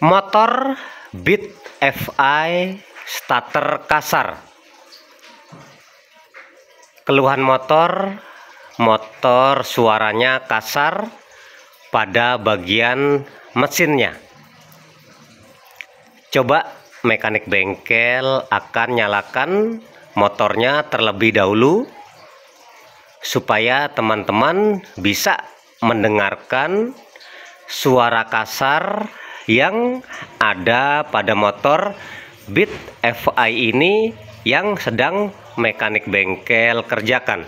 motor Beat FI starter kasar keluhan motor motor suaranya kasar pada bagian mesinnya coba mekanik bengkel akan nyalakan motornya terlebih dahulu supaya teman-teman bisa mendengarkan suara kasar yang ada pada motor Beat FI ini yang sedang mekanik bengkel kerjakan.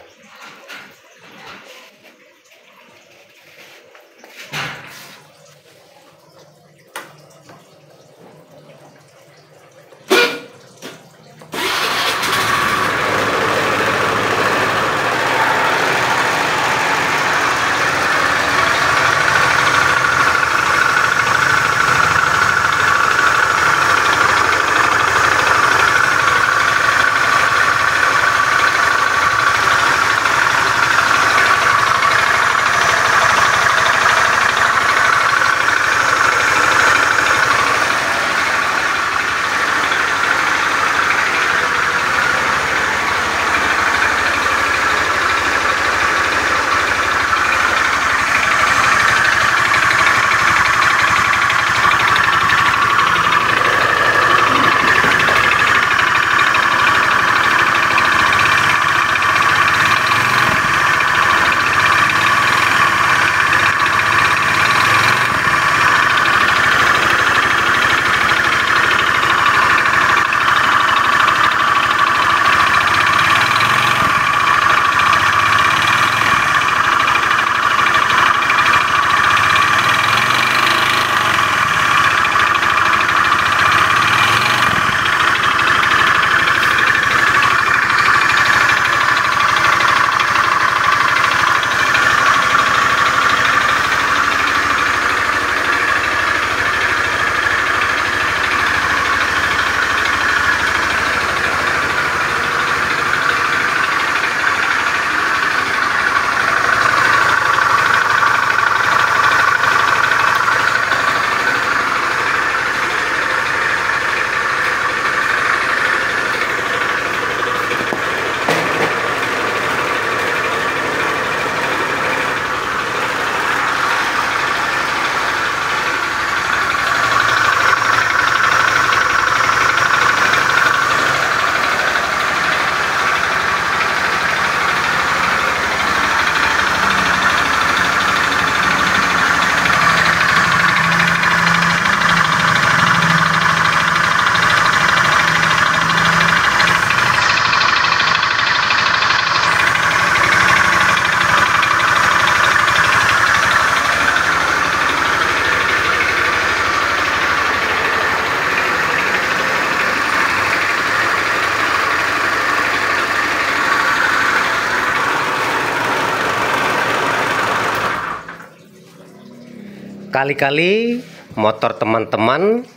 kali-kali motor teman-teman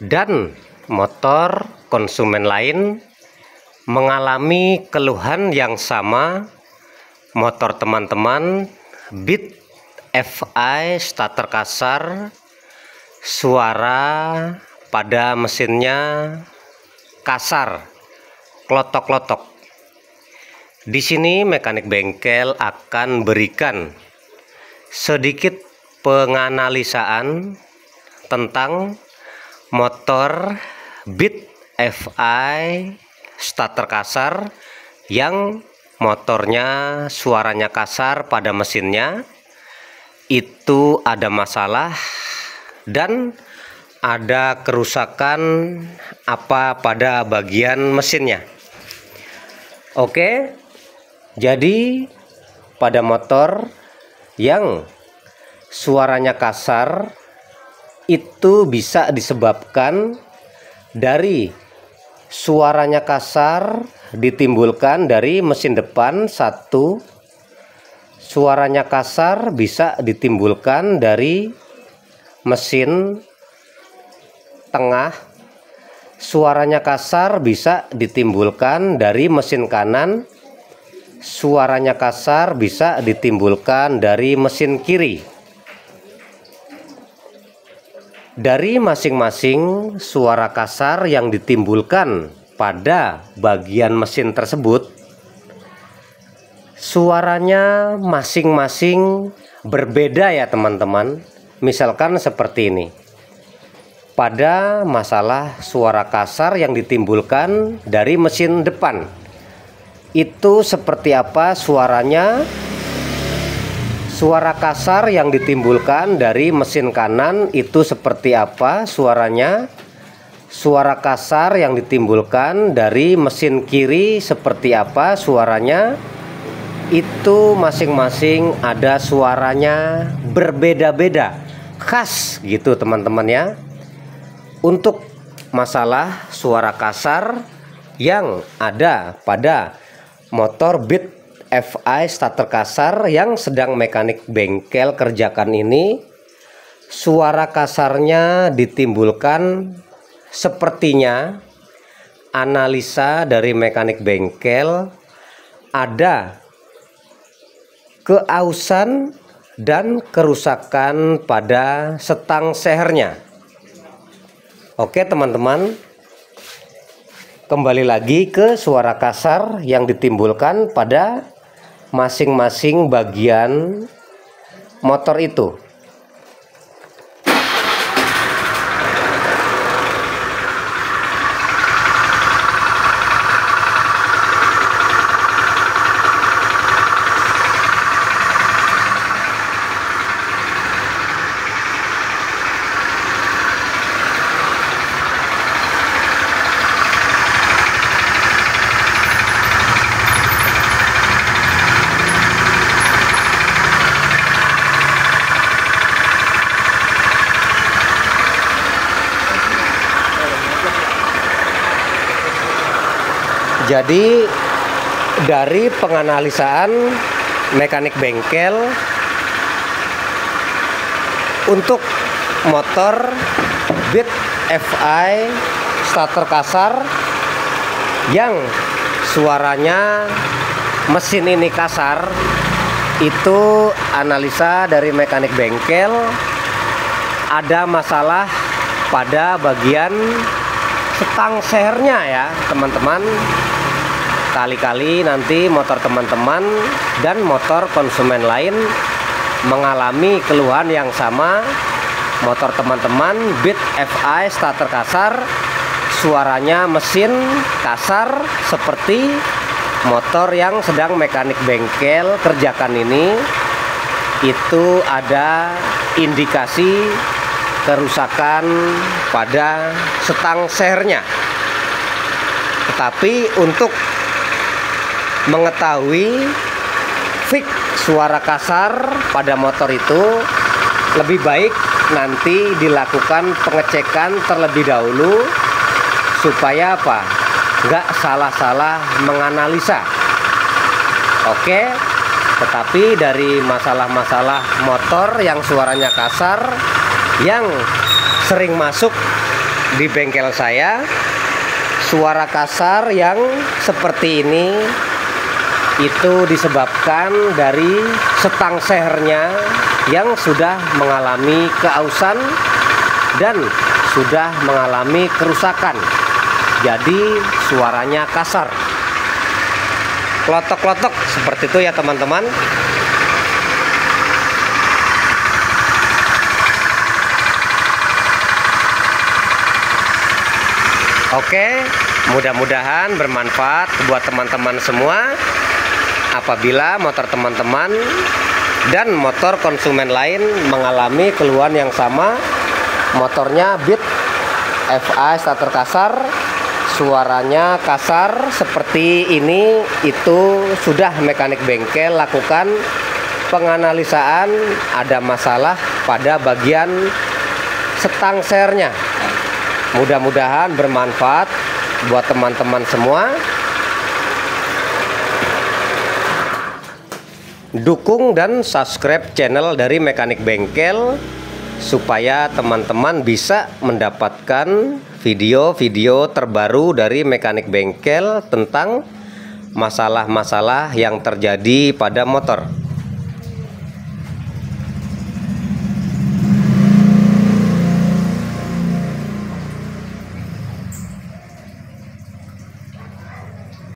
dan motor konsumen lain mengalami keluhan yang sama motor teman-teman bit FI starter kasar suara pada mesinnya kasar klotok-klotok di sini mekanik bengkel akan berikan sedikit penganalisaan tentang motor Beat FI starter kasar yang motornya suaranya kasar pada mesinnya itu ada masalah dan ada kerusakan apa pada bagian mesinnya Oke jadi pada motor yang suaranya kasar itu bisa disebabkan dari suaranya kasar ditimbulkan dari mesin depan satu suaranya kasar bisa ditimbulkan dari mesin tengah suaranya kasar bisa ditimbulkan dari mesin kanan suaranya kasar bisa ditimbulkan dari mesin kiri dari masing-masing suara kasar yang ditimbulkan pada bagian mesin tersebut, suaranya masing-masing berbeda ya teman-teman. Misalkan seperti ini. Pada masalah suara kasar yang ditimbulkan dari mesin depan. Itu seperti apa suaranya? Suara kasar yang ditimbulkan dari mesin kanan itu seperti apa suaranya? Suara kasar yang ditimbulkan dari mesin kiri seperti apa suaranya? Itu masing-masing ada suaranya berbeda-beda, khas gitu teman-teman ya. Untuk masalah suara kasar yang ada pada motor beat FI starter kasar yang sedang mekanik bengkel kerjakan ini suara kasarnya ditimbulkan sepertinya analisa dari mekanik bengkel ada keausan dan kerusakan pada setang sehernya Oke teman-teman kembali lagi ke suara kasar yang ditimbulkan pada masing-masing bagian motor itu Jadi dari penganalisaan mekanik bengkel untuk motor Beat FI starter kasar yang suaranya mesin ini kasar itu analisa dari mekanik bengkel ada masalah pada bagian setang sehernya ya teman-teman kali-kali nanti motor teman-teman dan motor konsumen lain mengalami keluhan yang sama motor teman-teman Beat FI starter kasar suaranya mesin kasar seperti motor yang sedang mekanik bengkel kerjakan ini itu ada indikasi kerusakan pada setang sernya tetapi untuk mengetahui fix suara kasar pada motor itu lebih baik nanti dilakukan pengecekan terlebih dahulu supaya apa nggak salah-salah menganalisa oke tetapi dari masalah-masalah motor yang suaranya kasar yang sering masuk di bengkel saya suara kasar yang seperti ini itu disebabkan dari setang sehernya yang sudah mengalami keausan dan sudah mengalami kerusakan jadi suaranya kasar klotok-klotok seperti itu ya teman-teman Oke, mudah-mudahan bermanfaat buat teman-teman semua apabila motor teman-teman dan motor konsumen lain mengalami keluhan yang sama motornya beat FA starter kasar suaranya kasar seperti ini itu sudah mekanik bengkel lakukan penganalisaan ada masalah pada bagian setang sernya mudah-mudahan bermanfaat buat teman-teman semua dukung dan subscribe channel dari Mekanik Bengkel supaya teman-teman bisa mendapatkan video-video terbaru dari Mekanik Bengkel tentang masalah-masalah yang terjadi pada motor.